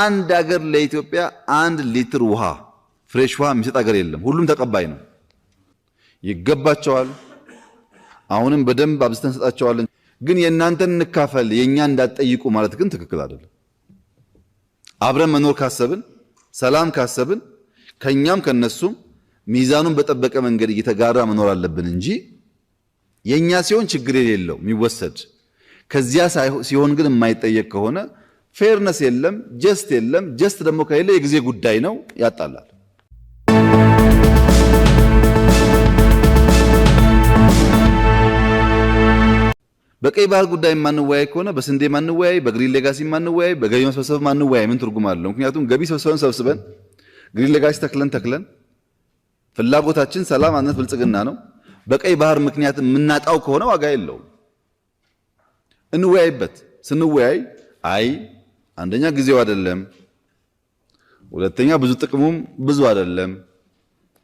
አንድ አገር ለኢትዮጵያ አንድ ሊትር ውሃ ፍሬሽ ውሃ የሚሰጥ አገር የለም። ሁሉም ተቀባይ ነው፣ ይገባቸዋል። አሁንም በደንብ አብዝተን ሰጣቸዋለን። ግን የእናንተን እንካፈል የእኛ እንዳትጠይቁ ማለት ግን ትክክል አይደለም። አብረን መኖር ካሰብን፣ ሰላም ካሰብን ከእኛም ከነሱም ሚዛኑን በጠበቀ መንገድ እየተጋራ መኖር አለብን እንጂ የእኛ ሲሆን ችግር የሌለው የሚወሰድ ከዚያ ሲሆን ግን የማይጠየቅ ከሆነ ፌርነስ የለም፣ ጀስት የለም። ጀስት ደግሞ ከሌለ የጊዜ ጉዳይ ነው፣ ያጣላል። በቀይ ባህር ጉዳይ ማንወያይ ከሆነ በስንዴ ማንወያይ፣ በግሪን ሌጋሲ ማንወያይ፣ በገቢ መሰብሰብ ማንወያይ ምን ትርጉም አለው? ምክንያቱም ገቢ ሰብስበን ሰብስበን ግሪን ሌጋሲ ተክለን ተክለን ፍላጎታችን ሰላም፣ አንድነት፣ ብልጽግና ነው። በቀይ ባህር ምክንያት የምናጣው ከሆነ ዋጋ የለውም። እንወያይበት። ስንወያይ አይ አንደኛ ጊዜው አይደለም፣ ሁለተኛ ብዙ ጥቅሙም ብዙ አይደለም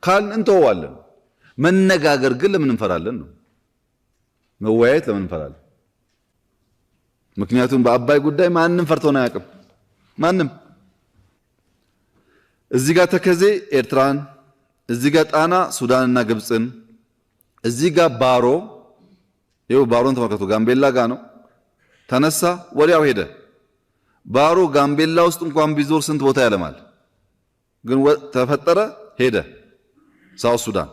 ካልን እንተወዋለን። መነጋገር ግን ለምን እንፈራለን ነው። መወያየት ለምን እንፈራለን? ምክንያቱም በአባይ ጉዳይ ማንም ፈርቶን አያውቅም። ማንም እዚህ ጋር ተከዜ ኤርትራን፣ እዚህ ጋር ጣና ሱዳንና ግብፅን፣ እዚህ ጋር ባሮ ይኸው ባሮን ተመልከቱ፣ ጋምቤላ ጋ ነው ተነሳ፣ ወዲያው ሄደ። ባሮ ጋምቤላ ውስጥ እንኳን ቢዞር ስንት ቦታ ያለማል። ግን ተፈጠረ ሄደ ሳውት ሱዳን።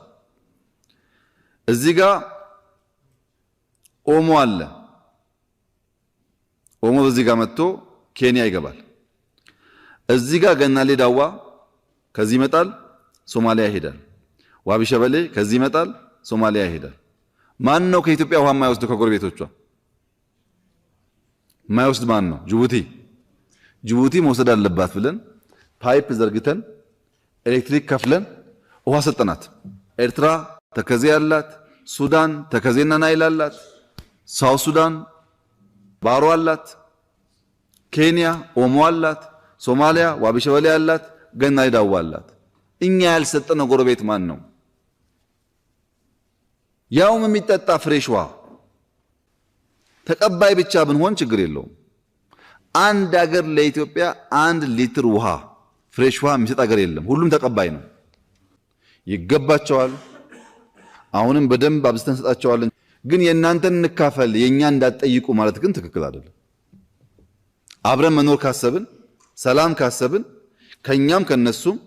እዚህ ጋ ኦሞ አለ። ኦሞ በዚህ ጋ መጥቶ ኬንያ ይገባል። እዚህ ጋ ገናሌ ዳዋ ከዚህ ይመጣል፣ ሶማሊያ ይሄዳል። ዋቢ ሸበሌ ከዚህ ይመጣል፣ ሶማሊያ ይሄዳል። ማን ነው ከኢትዮጵያ ውሃ የማይወስድ ከጎረቤቶቿ የማይወስድ ማን ነው? ጅቡቲ ጅቡቲ መውሰድ አለባት ብለን ፓይፕ ዘርግተን ኤሌክትሪክ ከፍለን ውሃ ሰጠናት። ኤርትራ ተከዜ አላት፣ ሱዳን ተከዜና ናይል አላት፣ ሳውት ሱዳን ባሮ አላት፣ ኬንያ ኦሞ አላት፣ ሶማሊያ ዋቢሸበሌ አላት፣ ገናሪ ዳዋ አላት። እኛ ያልሰጠነው ጎረቤት ማን ነው? ያውም የሚጠጣ ፍሬሽ ውሃ ተቀባይ ብቻ ብንሆን ችግር የለውም። አንድ አገር ለኢትዮጵያ አንድ ሊትር ውሃ ፍሬሽ ውሃ የሚሰጥ አገር የለም። ሁሉም ተቀባይ ነው፣ ይገባቸዋል። አሁንም በደንብ አብዝተን ሰጣቸዋለን። ግን የእናንተን እንካፈል የእኛ እንዳትጠይቁ ማለት ግን ትክክል አይደለም። አብረን መኖር ካሰብን፣ ሰላም ካሰብን ከእኛም ከነሱም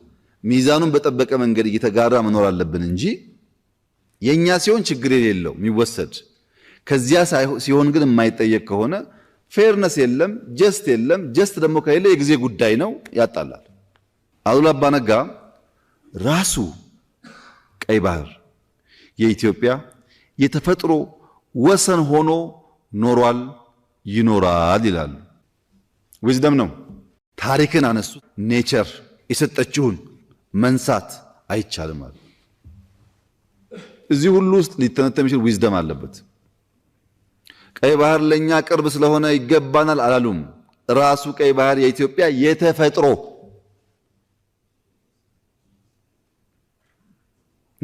ሚዛኑን በጠበቀ መንገድ እየተጋራ መኖር አለብን እንጂ የእኛ ሲሆን ችግር የሌለው የሚወሰድ ከዚያ ሲሆን ግን የማይጠየቅ ከሆነ ፌርነስ የለም፣ ጀስት የለም። ጀስት ደግሞ ከሌለ የጊዜ ጉዳይ ነው፣ ያጣላል። አሉላ አባ ነጋ ራሱ ቀይ ባህር የኢትዮጵያ የተፈጥሮ ወሰን ሆኖ ኖሯል፣ ይኖራል ይላሉ። ዊዝደም ነው። ታሪክን አነሱ። ኔቸር የሰጠችውን መንሳት አይቻልም አሉ። እዚህ ሁሉ ውስጥ ሊተነተ የሚችል ዊዝደም አለበት። ቀይ ባህር ለእኛ ቅርብ ስለሆነ ይገባናል አላሉም። ራሱ ቀይ ባህር የኢትዮጵያ የተፈጥሮ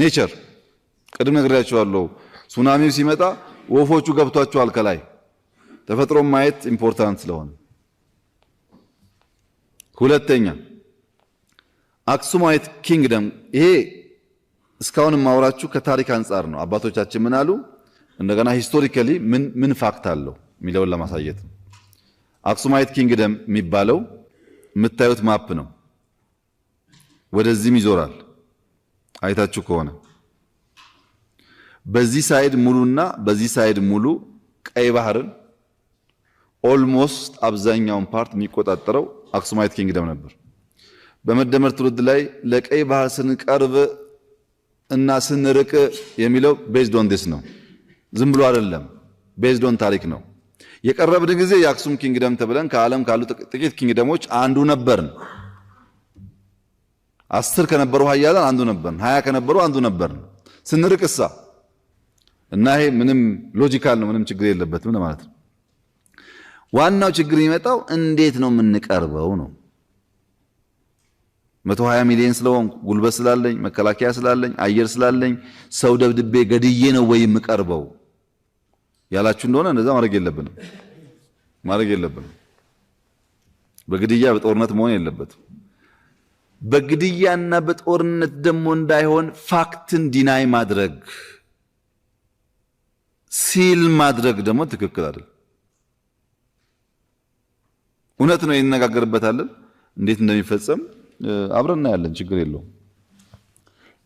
ኔቸር ቅድም ነግሬያቸዋለሁ። ሱናሚው ሲመጣ ወፎቹ ገብቷቸዋል ከላይ ተፈጥሮ ማየት ኢምፖርታንት ስለሆነ። ሁለተኛ አክሱማይት ኪንግደም። ይሄ እስካሁን የማወራችሁ ከታሪክ አንጻር ነው። አባቶቻችን ምን አሉ? እንደገና ሂስቶሪካሊ ምን ምን ፋክት አለው የሚለውን ለማሳየት ነው። አክሱማይት ኪንግደም የሚባለው የምታዩት ማፕ ነው። ወደዚህም ይዞራል አይታችሁ ከሆነ በዚህ ሳይድ ሙሉና በዚህ ሳይድ ሙሉ ቀይ ባህርን ኦልሞስት አብዛኛውን ፓርት የሚቆጣጠረው አክሱማይት ኪንግደም ነበር። በመደመር ትውልድ ላይ ለቀይ ባህር ስንቀርብ እና ስንርቅ የሚለው ቤዝድ ኦን ዲስ ነው። ዝም ብሎ አይደለም፣ ቤዝዶን ታሪክ ነው። የቀረብን ጊዜ የአክሱም ኪንግደም ተብለን ከዓለም ካሉ ጥቂት ኪንግደሞች አንዱ ነበርን። አስር ከነበሩ ሀያላን አንዱ ነበርን። ሀያ ከነበሩ አንዱ ነበርን። ስንርቅ እሳ እና ይሄ ምንም ሎጂካል ነው፣ ምንም ችግር የለበትም ማለት ነው። ዋናው ችግር የሚመጣው እንዴት ነው የምንቀርበው ነው። መቶ ሀያ ሚሊዮን ስለሆን ጉልበት ስላለኝ፣ መከላከያ ስላለኝ፣ አየር ስላለኝ ሰው ደብድቤ ገድዬ ነው ወይ የምቀርበው? ያላችሁ እንደሆነ እንደዛ ማድረግ የለብንም ማድረግ የለብንም። በግድያ በጦርነት መሆን የለበትም። በግድያና በጦርነት ደግሞ እንዳይሆን ፋክትን ዲናይ ማድረግ ሲል ማድረግ ደግሞ ትክክል አይደል። እውነት ነው፣ እንነጋገርበታለን። እንዴት እንደሚፈጸም አብረን እናያለን። ችግር የለውም።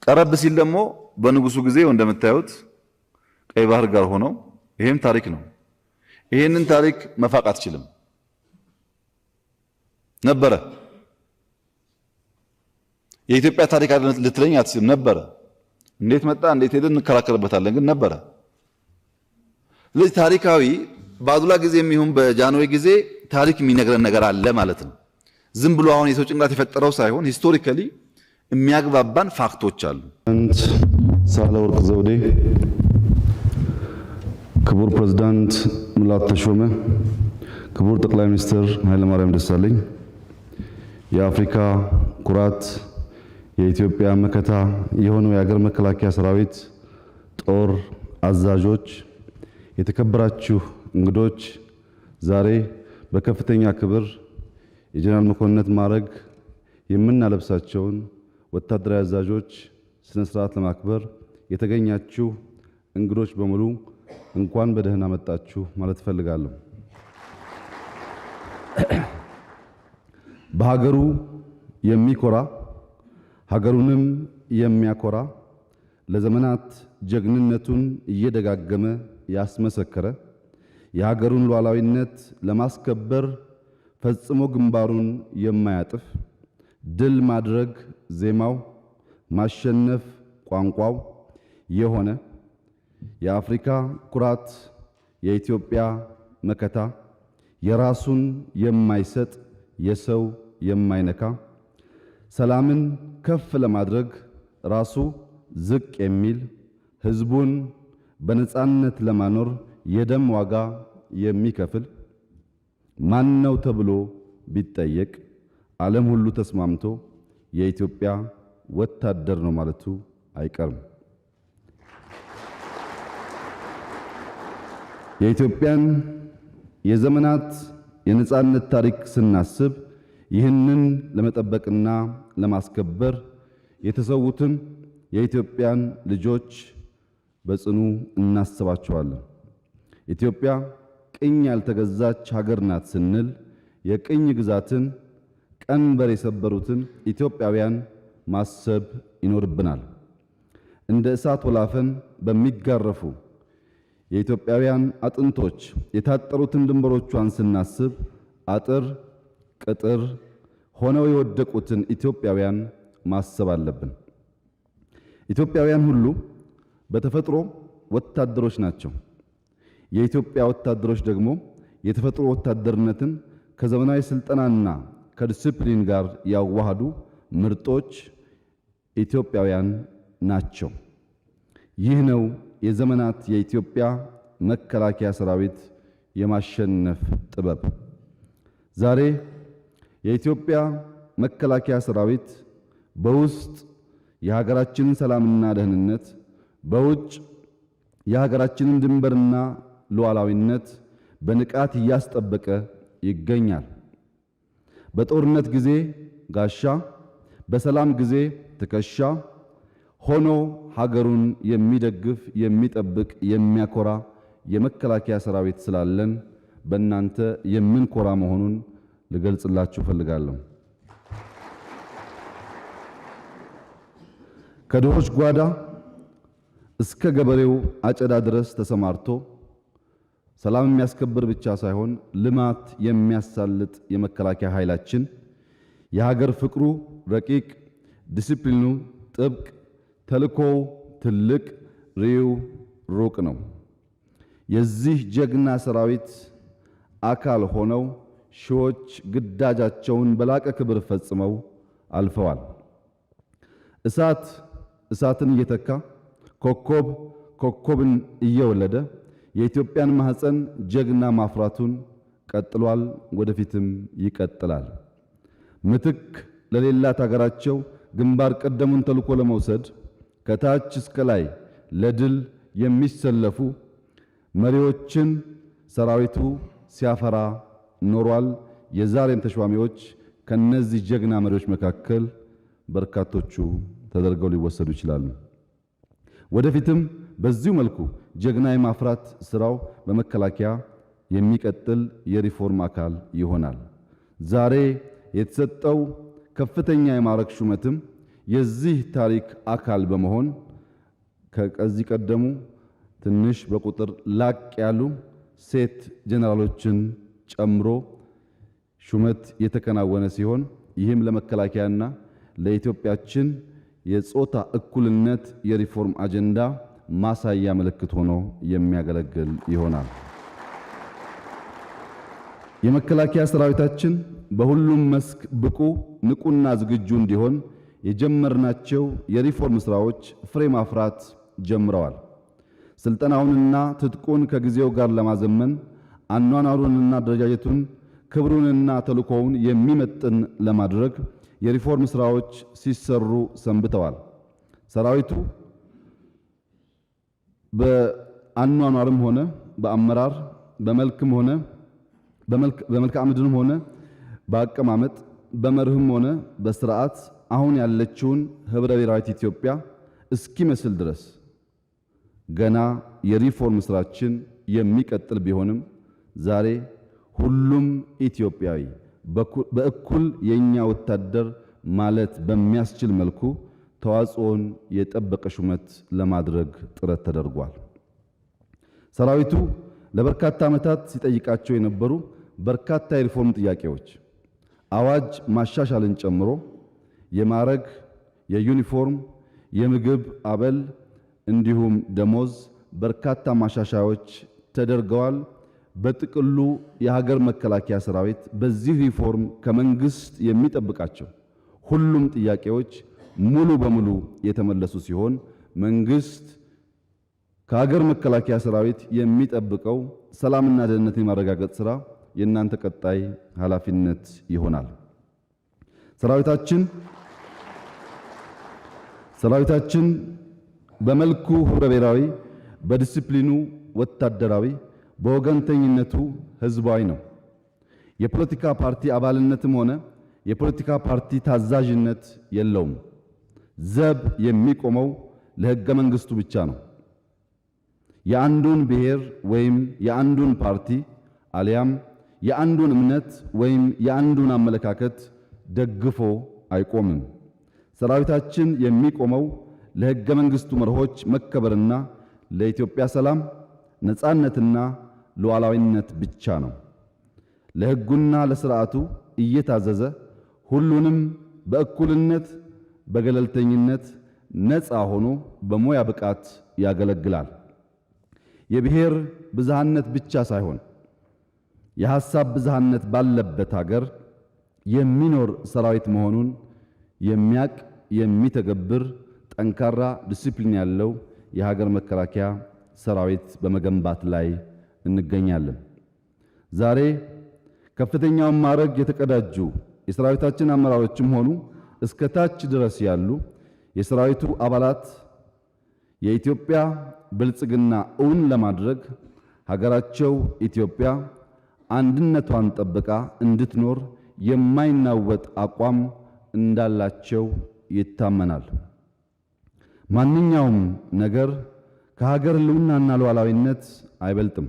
ቀረብ ሲል ደግሞ በንጉሱ ጊዜ እንደምታዩት ቀይ ባህር ጋር ሆነው ይህም ታሪክ ነው። ይሄንን ታሪክ መፋቅ አትችልም ነበረ። የኢትዮጵያ ታሪክ አይደለም ልትለኝ አትችልም ነበረ። እንዴት መጣ እንዴት ሄደ እንከራከርበታለን፣ ግን ነበረ። ስለዚህ ታሪካዊ በአዱላ ጊዜ የሚሆን በጃንሆይ ጊዜ ታሪክ የሚነግረን ነገር አለ ማለት ነው። ዝም ብሎ አሁን የሰው ጭንቅላት የፈጠረው ሳይሆን ሂስቶሪካሊ የሚያግባባን ፋክቶች አሉ። ወርቅ ዘውዴ ክቡር ፕሬዝዳንት ሙላቱ ተሾመ፣ ክቡር ጠቅላይ ሚኒስትር ኃይለማርያም ደሳለኝ፣ የአፍሪካ ኩራት የኢትዮጵያ መከታ የሆነው የሀገር መከላከያ ሰራዊት ጦር አዛዦች፣ የተከበራችሁ እንግዶች፣ ዛሬ በከፍተኛ ክብር የጀነራል መኮንነት ማዕረግ የምናለብሳቸውን ወታደራዊ አዛዦች ስነ ስርዓት ለማክበር የተገኛችሁ እንግዶች በሙሉ እንኳን በደህና መጣችሁ ማለት እፈልጋለሁ። በሀገሩ የሚኮራ ሀገሩንም የሚያኮራ ለዘመናት ጀግንነቱን እየደጋገመ ያስመሰከረ የሀገሩን ሉዓላዊነት ለማስከበር ፈጽሞ ግንባሩን የማያጥፍ ድል ማድረግ ዜማው፣ ማሸነፍ ቋንቋው የሆነ የአፍሪካ ኩራት፣ የኢትዮጵያ መከታ፣ የራሱን የማይሰጥ የሰው የማይነካ ሰላምን ከፍ ለማድረግ ራሱ ዝቅ የሚል ህዝቡን በነፃነት ለማኖር የደም ዋጋ የሚከፍል ማን ነው ተብሎ ቢጠየቅ ዓለም ሁሉ ተስማምቶ የኢትዮጵያ ወታደር ነው ማለቱ አይቀርም። የኢትዮጵያን የዘመናት የነጻነት ታሪክ ስናስብ ይህንን ለመጠበቅና ለማስከበር የተሰዉትን የኢትዮጵያን ልጆች በጽኑ እናስባቸዋለን። ኢትዮጵያ ቅኝ ያልተገዛች ሀገር ናት ስንል የቅኝ ግዛትን ቀንበር የሰበሩትን ኢትዮጵያውያን ማሰብ ይኖርብናል። እንደ እሳት ወላፈን በሚጋረፉ የኢትዮጵያውያን አጥንቶች የታጠሩትን ድንበሮቿን ስናስብ አጥር ቅጥር ሆነው የወደቁትን ኢትዮጵያውያን ማሰብ አለብን። ኢትዮጵያውያን ሁሉ በተፈጥሮ ወታደሮች ናቸው። የኢትዮጵያ ወታደሮች ደግሞ የተፈጥሮ ወታደርነትን ከዘመናዊ ስልጠናና ከዲስፕሊን ጋር ያዋሃዱ ምርጦች ኢትዮጵያውያን ናቸው። ይህ ነው የዘመናት የኢትዮጵያ መከላከያ ሰራዊት የማሸነፍ ጥበብ። ዛሬ የኢትዮጵያ መከላከያ ሰራዊት በውስጥ የሀገራችንን ሰላምና ደህንነት፣ በውጭ የሀገራችንን ድንበርና ሉዓላዊነት በንቃት እያስጠበቀ ይገኛል። በጦርነት ጊዜ ጋሻ፣ በሰላም ጊዜ ትከሻ ሆኖ ሀገሩን የሚደግፍ የሚጠብቅ የሚያኮራ የመከላከያ ሰራዊት ስላለን በእናንተ የምንኮራ መሆኑን ልገልጽላችሁ ፈልጋለሁ። ከድሆች ጓዳ እስከ ገበሬው አጨዳ ድረስ ተሰማርቶ ሰላም የሚያስከብር ብቻ ሳይሆን ልማት የሚያሳልጥ የመከላከያ ኃይላችን የሀገር ፍቅሩ ረቂቅ፣ ዲሲፕሊኑ ጥብቅ ተልእኮው ትልቅ፣ ሪው ሩቅ ነው። የዚህ ጀግና ሰራዊት አካል ሆነው ሺዎች ግዳጃቸውን በላቀ ክብር ፈጽመው አልፈዋል። እሳት እሳትን እየተካ ኮከብ ኮከብን እየወለደ የኢትዮጵያን ማህፀን ጀግና ማፍራቱን ቀጥሏል። ወደፊትም ይቀጥላል። ምትክ ለሌላት ሀገራቸው ግንባር ቀደሙን ተልኮ ለመውሰድ ከታች እስከ ላይ ለድል የሚሰለፉ መሪዎችን ሰራዊቱ ሲያፈራ ኖሯል። የዛሬም ተሿሚዎች ከነዚህ ጀግና መሪዎች መካከል በርካቶቹ ተደርገው ሊወሰዱ ይችላሉ። ወደፊትም በዚሁ መልኩ ጀግና የማፍራት ስራው በመከላከያ የሚቀጥል የሪፎርም አካል ይሆናል። ዛሬ የተሰጠው ከፍተኛ የማዕረግ ሹመትም የዚህ ታሪክ አካል በመሆን ከዚህ ቀደሙ ትንሽ በቁጥር ላቅ ያሉ ሴት ጀነራሎችን ጨምሮ ሹመት የተከናወነ ሲሆን ይህም ለመከላከያና ለኢትዮጵያችን የጾታ እኩልነት የሪፎርም አጀንዳ ማሳያ ምልክት ሆኖ የሚያገለግል ይሆናል። የመከላከያ ሰራዊታችን በሁሉም መስክ ብቁ፣ ንቁና ዝግጁ እንዲሆን የጀመርናቸው የሪፎርም ስራዎች ፍሬ ማፍራት ጀምረዋል። ስልጠናውንና ትጥቁን ከጊዜው ጋር ለማዘመን አኗኗሩንና አደረጃጀቱን ክብሩንና ተልእኮውን የሚመጥን ለማድረግ የሪፎርም ስራዎች ሲሰሩ ሰንብተዋል። ሰራዊቱ በአኗኗርም ሆነ በአመራር በመልክም ሆነ በመልክዓ ምድርም ሆነ በአቀማመጥ በመርህም ሆነ በስርዓት አሁን ያለችውን ህብረ ብሔራዊት ኢትዮጵያ እስኪመስል ድረስ ገና የሪፎርም ስራችን የሚቀጥል ቢሆንም ዛሬ ሁሉም ኢትዮጵያዊ በእኩል የኛ ወታደር ማለት በሚያስችል መልኩ ተዋጽኦን የጠበቀ ሹመት ለማድረግ ጥረት ተደርጓል። ሰራዊቱ ለበርካታ ዓመታት ሲጠይቃቸው የነበሩ በርካታ የሪፎርም ጥያቄዎች አዋጅ ማሻሻልን ጨምሮ የማዕረግ፣ የዩኒፎርም፣ የምግብ አበል እንዲሁም ደሞዝ በርካታ ማሻሻያዎች ተደርገዋል። በጥቅሉ የሀገር መከላከያ ሰራዊት በዚህ ሪፎርም ከመንግስት የሚጠብቃቸው ሁሉም ጥያቄዎች ሙሉ በሙሉ የተመለሱ ሲሆን መንግስት ከሀገር መከላከያ ሰራዊት የሚጠብቀው ሰላምና ደህንነትን የማረጋገጥ ስራ የእናንተ ቀጣይ ኃላፊነት ይሆናል። ሰራዊታችን ሰራዊታችን በመልኩ ህብረ ብሔራዊ፣ በዲሲፕሊኑ ወታደራዊ፣ በወገንተኝነቱ ህዝባዊ ነው። የፖለቲካ ፓርቲ አባልነትም ሆነ የፖለቲካ ፓርቲ ታዛዥነት የለውም። ዘብ የሚቆመው ለህገ መንግስቱ ብቻ ነው። የአንዱን ብሔር ወይም የአንዱን ፓርቲ አሊያም የአንዱን እምነት ወይም የአንዱን አመለካከት ደግፎ አይቆምም። ሰራዊታችን የሚቆመው ለሕገ መንግሥቱ መርሆች መከበርና ለኢትዮጵያ ሰላም፣ ነጻነትና ሉዓላዊነት ብቻ ነው። ለሕጉና ለስርዓቱ እየታዘዘ ሁሉንም በእኩልነት በገለልተኝነት ነፃ ሆኖ በሙያ ብቃት ያገለግላል። የብሔር ብዝሃነት ብቻ ሳይሆን የሐሳብ ብዝሃነት ባለበት ሀገር የሚኖር ሰራዊት መሆኑን የሚያቅ የሚተገብር ጠንካራ ዲሲፕሊን ያለው የሀገር መከላከያ ሰራዊት በመገንባት ላይ እንገኛለን። ዛሬ ከፍተኛውን ማዕረግ የተቀዳጁ የሰራዊታችን አመራሮችም ሆኑ እስከ ታች ድረስ ያሉ የሰራዊቱ አባላት የኢትዮጵያ ብልጽግና እውን ለማድረግ ሀገራቸው ኢትዮጵያ አንድነቷን ጠብቃ እንድትኖር የማይናወጥ አቋም እንዳላቸው ይታመናል። ማንኛውም ነገር ከሀገር ህልውናና ሉዓላዊነት አይበልጥም።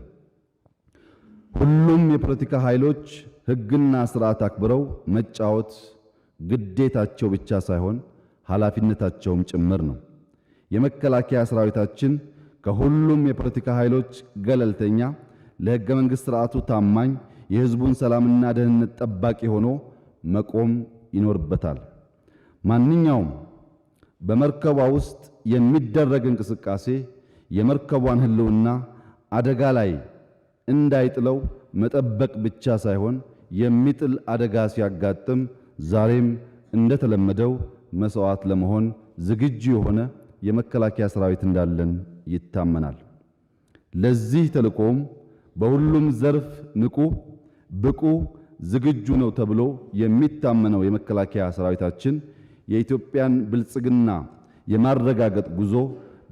ሁሉም የፖለቲካ ኃይሎች ህግና ስርዓት አክብረው መጫወት ግዴታቸው ብቻ ሳይሆን ኃላፊነታቸውም ጭምር ነው። የመከላከያ ሰራዊታችን ከሁሉም የፖለቲካ ኃይሎች ገለልተኛ፣ ለህገ መንግሥት ስርዓቱ ታማኝ፣ የህዝቡን ሰላምና ደህንነት ጠባቂ ሆኖ መቆም ይኖርበታል። ማንኛውም በመርከቧ ውስጥ የሚደረግ እንቅስቃሴ የመርከቧን ሕልውና አደጋ ላይ እንዳይጥለው መጠበቅ ብቻ ሳይሆን የሚጥል አደጋ ሲያጋጥም ዛሬም እንደተለመደው መስዋዕት ለመሆን ዝግጁ የሆነ የመከላከያ ሰራዊት እንዳለን ይታመናል። ለዚህ ተልእኮም በሁሉም ዘርፍ ንቁ፣ ብቁ፣ ዝግጁ ነው ተብሎ የሚታመነው የመከላከያ ሰራዊታችን የኢትዮጵያን ብልጽግና የማረጋገጥ ጉዞ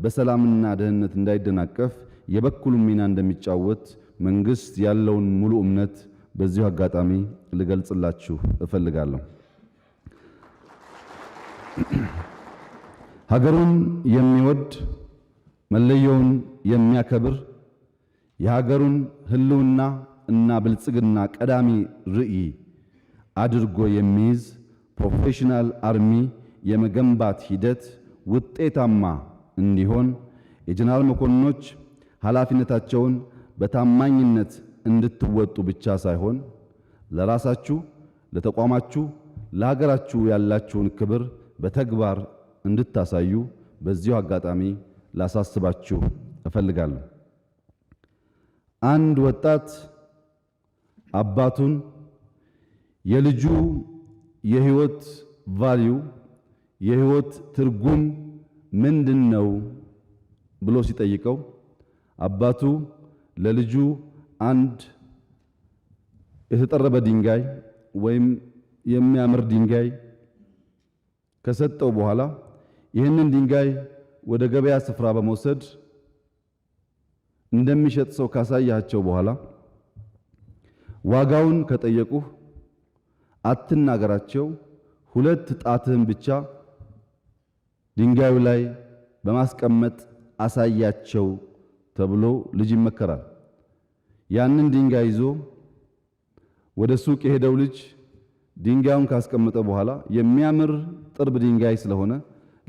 በሰላምና ደህንነት እንዳይደናቀፍ የበኩሉን ሚና እንደሚጫወት መንግስት ያለውን ሙሉ እምነት በዚሁ አጋጣሚ ልገልጽላችሁ እፈልጋለሁ። ሀገሩን የሚወድ መለየውን የሚያከብር የሀገሩን ሕልውና እና ብልጽግና ቀዳሚ ራዕይ አድርጎ የሚይዝ ፕሮፌሽናል አርሚ የመገንባት ሂደት ውጤታማ እንዲሆን የጀነራል መኮንኖች ኃላፊነታቸውን በታማኝነት እንድትወጡ ብቻ ሳይሆን ለራሳችሁ፣ ለተቋማችሁ፣ ለሀገራችሁ ያላችሁን ክብር በተግባር እንድታሳዩ በዚሁ አጋጣሚ ላሳስባችሁ እፈልጋለሁ። አንድ ወጣት አባቱን የልጁ የህይወት ቫሊዩ የህይወት ትርጉም ምንድን ነው ብሎ ሲጠይቀው አባቱ ለልጁ አንድ የተጠረበ ድንጋይ ወይም የሚያምር ድንጋይ ከሰጠው በኋላ ይህንን ድንጋይ ወደ ገበያ ስፍራ በመውሰድ እንደሚሸጥ ሰው ካሳያቸው በኋላ ዋጋውን ከጠየቁህ አትናገራቸው፣ ሁለት ጣትህን ብቻ ድንጋዩ ላይ በማስቀመጥ አሳያቸው ተብሎ ልጅ ይመከራል። ያንን ድንጋይ ይዞ ወደ ሱቅ የሄደው ልጅ ድንጋዩን ካስቀመጠ በኋላ የሚያምር ጥርብ ድንጋይ ስለሆነ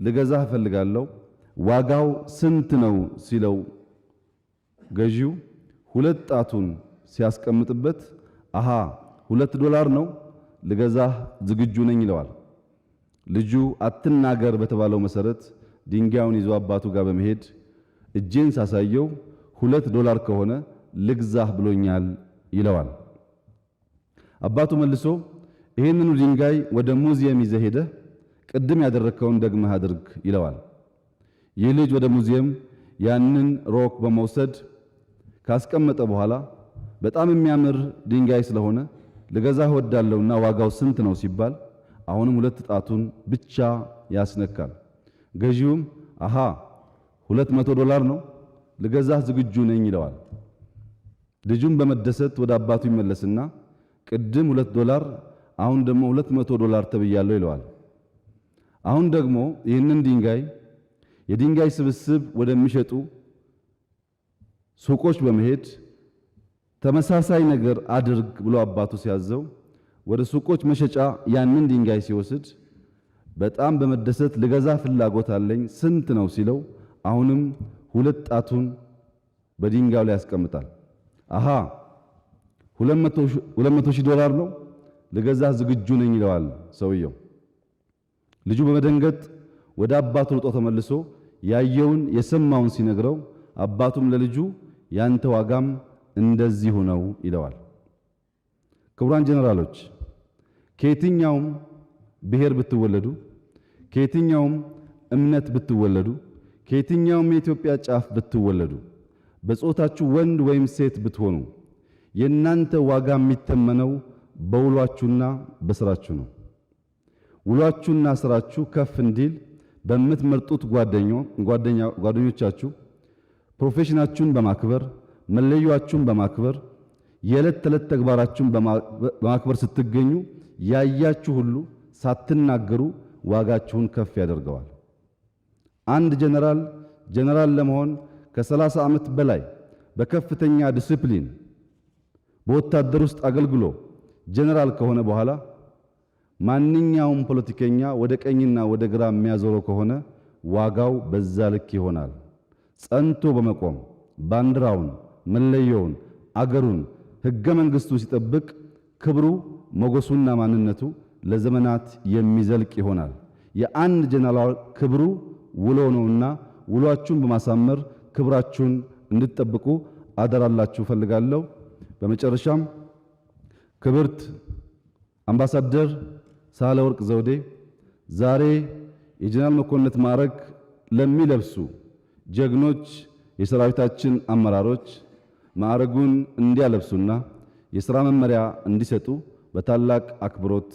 ልገዛ እፈልጋለሁ፣ ዋጋው ስንት ነው ሲለው ገዢው ሁለት ጣቱን ሲያስቀምጥበት አሃ ሁለት ዶላር ነው ልገዛህ ዝግጁ ነኝ ይለዋል። ልጁ አትናገር በተባለው መሰረት ድንጋዩን ይዞ አባቱ ጋር በመሄድ እጄን ሳሳየው ሁለት ዶላር ከሆነ ልግዛህ ብሎኛል ይለዋል። አባቱ መልሶ ይህንኑ ድንጋይ ወደ ሙዚየም ይዘህ ሄደህ ቅድም ያደረግከውን ደግመህ አድርግ ይለዋል። ይህ ልጅ ወደ ሙዚየም ያንን ሮክ በመውሰድ ካስቀመጠ በኋላ በጣም የሚያምር ድንጋይ ስለሆነ ልገዛ ወዳለውና ዋጋው ስንት ነው ሲባል አሁንም ሁለት ጣቱን ብቻ ያስነካል። ገዢውም አሃ 200 ዶላር ነው ልገዛህ ዝግጁ ነኝ ይለዋል። ልጁም በመደሰት ወደ አባቱ ይመለስና ቅድም ሁለት ዶላር አሁን ደግሞ 200 ዶላር ተብያለሁ ይለዋል። አሁን ደግሞ ይህንን ድንጋይ የድንጋይ ስብስብ ወደሚሸጡ ሱቆች በመሄድ ተመሳሳይ ነገር አድርግ ብሎ አባቱ ሲያዘው ወደ ሱቆች መሸጫ ያንን ድንጋይ ሲወስድ በጣም በመደሰት ልገዛ ፍላጎት አለኝ ስንት ነው ሲለው አሁንም ሁለት ጣቱን በድንጋዩ ላይ ያስቀምጣል። አሃ 200 ሺህ ዶላር ነው ልገዛ ዝግጁ ነኝ ይለዋል ሰውየው። ልጁ በመደንገጥ ወደ አባቱ ሮጦ ተመልሶ ያየውን የሰማውን ሲነግረው አባቱም ለልጁ ያንተ ዋጋም እንደዚሁ ነው ይለዋል። ክቡራን ጀነራሎች፣ ከየትኛውም ብሔር ብትወለዱ፣ ከየትኛውም እምነት ብትወለዱ፣ ከየትኛውም የኢትዮጵያ ጫፍ ብትወለዱ፣ በጾታችሁ ወንድ ወይም ሴት ብትሆኑ የእናንተ ዋጋ የሚተመነው በውሏችሁና በስራችሁ ነው። ውሏችሁና ስራችሁ ከፍ እንዲል በምትመርጡት ጓደኞቻችሁ ፕሮፌሽናችሁን በማክበር መለያችሁን በማክበር የዕለት ተዕለት ተግባራችሁን በማክበር ስትገኙ ያያችሁ ሁሉ ሳትናገሩ ዋጋችሁን ከፍ ያደርገዋል። አንድ ጀነራል ጀነራል ለመሆን ከሰላሳ ዓመት በላይ በከፍተኛ ዲሲፕሊን በወታደር ውስጥ አገልግሎ ጀነራል ከሆነ በኋላ ማንኛውም ፖለቲከኛ ወደ ቀኝና ወደ ግራ የሚያዞረው ከሆነ ዋጋው በዛ ልክ ይሆናል። ጸንቶ በመቆም ባንዲራውን መለየውን፣ አገሩን፣ ሕገ መንግሥቱ ሲጠብቅ ክብሩ ሞገሱና ማንነቱ ለዘመናት የሚዘልቅ ይሆናል። የአንድ ጀነራል ክብሩ ውሎ ነውና ውሏችሁን በማሳመር ክብራችሁን እንድትጠብቁ አደራላችሁ ፈልጋለሁ። በመጨረሻም ክብርት አምባሳደር ሳህለወርቅ ዘውዴ ዛሬ የጀነራል መኮንነት ማዕረግ ለሚለብሱ ጀግኖች የሰራዊታችን አመራሮች ማዕረጉን እንዲያለብሱና የሥራ መመሪያ እንዲሰጡ በታላቅ አክብሮት